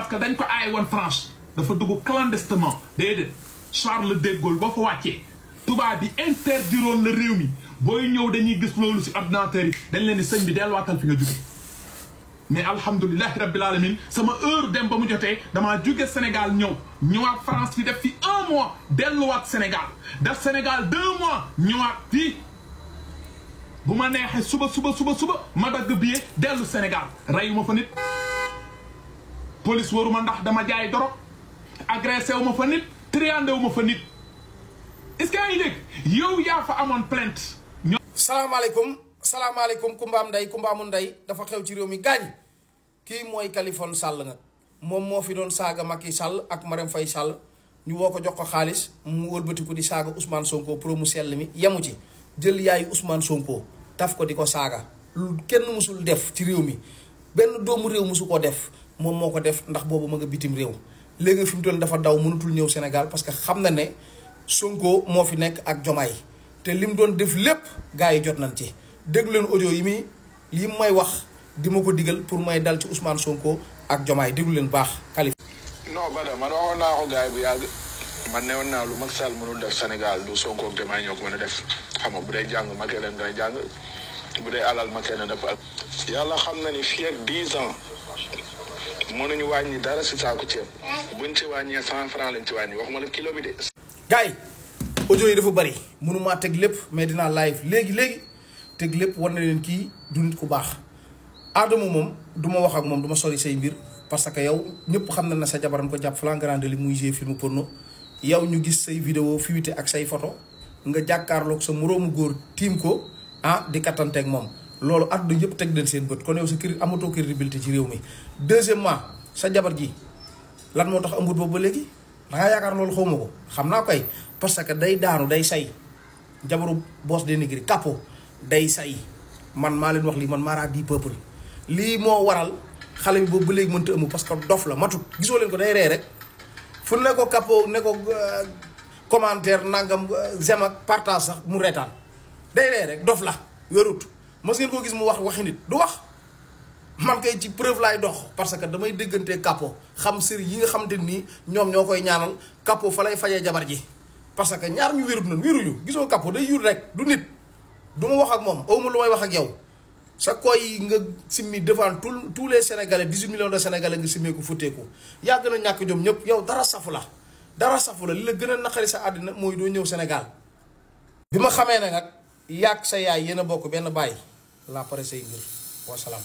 parce que dañ ko aay woon France dafa dugg clandestinement déedéet Charles de Gaulle boo fa wàccee tubaab bi interdiroon la réew mi booy ñëw dañuy gis loolu si ordinateur yi dañ leen di sëñ bi delluwaatal fi nga jóge mais alhamdulilahi rabbil alamin sama heure dem ba mu jotee damaa jóge Sénégal ñëw ñëwaat France fi def fi un mois senegal Sénégal def Sénégal deux mois ñëwaat fii bu ma neexee suba suba suba suba ma dagg billet dellu Sénégal reyu ma fa nit police waruma ndax dama jaay dorog agressé wuma fa nit triandé wuma fa nit est-ce que yaa yow ya fa amone plainte kumba am day kumba kumbaamu ndey dafa xew ci réew mi gaañ kii mooy Kalifone Sall nak mom mo fi don saga Macky Sall ak Marème fay Sall ñu woko ko jox ko xaliss mu wëlbatiku di saga Ousmane Sonko promu mu sell mi yamu ci jël yaay Ousmane Sonko taf ko diko saga lu kenn musul def ci réew mi benn doomu rew musuko def moom moo ko def ndax boobu ma nga bitim réew léegi fi mu toll dafa daw mënatul ñëw Sénégal parce que xam na ne Sonko moo fi nekk ak Jomaay te lim doon def lépp gars yi jot nañ ci déglu leen audio yi muy li may wax di ma ko digal pour may dal ci Ousmane Sonko ak Jomaay déglu leen baax Khalifa. non Bada man waxoon naa ko gars bu yàgg man newoon naa lu Macky Sall mënul def Sénégal du Sonko ak Jomaay ñoo ko mën a def xam nga bu dee jàng Macky leen gën jàng bu dee alal Macky leen ëpp yàlla xam na ni fii ak 10 ans. mënuñu wàññi dara si saako ceeb buñ ci wàññee cent franc lañ ci wàññi waxuma la kilo bi de. gars yi yi dafa bëri mënumaa teg lépp mais dinaa live léegi léegi teg lépp war na leen kii du nit ku baax Adama moom du ma wax ak moom du ma sori say mbir parce que yow ñëpp xam na na sa jabaram ko jàpp flagrant délit muy mu film porno yow ñu gis say vidéo fuité ak say photo nga jàkkaarlook sa moroomu góor tiim ko ah di kattanteeg moom. lolu addu yep tek den sen bot kon yow sa crédit amatoo credibility ci réew mi deuxièmement sa jabar ji lan moo tax ëmbut boobu ba léegi da nga yakar lolu xawmako xamna koy parce que day daanu day say jabaru boss de capo day say man malin len wax li man mara di peuple li mo waral xale bi boobu ba léegi mënta ëmb parce que dof la matut gisoo len ko day re rek fu ne ko capo ne ko euh, commentaire nangam euh, zema partage sax mu retane day re rek dof la yorut mës ngeen koo gis mu wax waxi nit du wax man kay ci preuve laay dox parce que damay déggante capot xam sër yi nga xam te nii ñoom ñoo koy ñaanal capot fa lay fajee jabar ji parce que ñaar ñu wérut nañ wéruñu gisoo capot day yur rek du nit du ma wax ak moom awma lu may wax ak yow sa koy nga simmi devant tout tous les sénégalais 18 de sénégalais nga simmeeku ko futteeku yàgg na ñàkk jom ñëpp yow dara safu la dara safu la li la gën a naqari sa àddina mooy doo ñëw Sénégal bi ma xamee ne nag sa yaay yéen bokk benn bàyyi Lapar ya, sehingga, wassalam.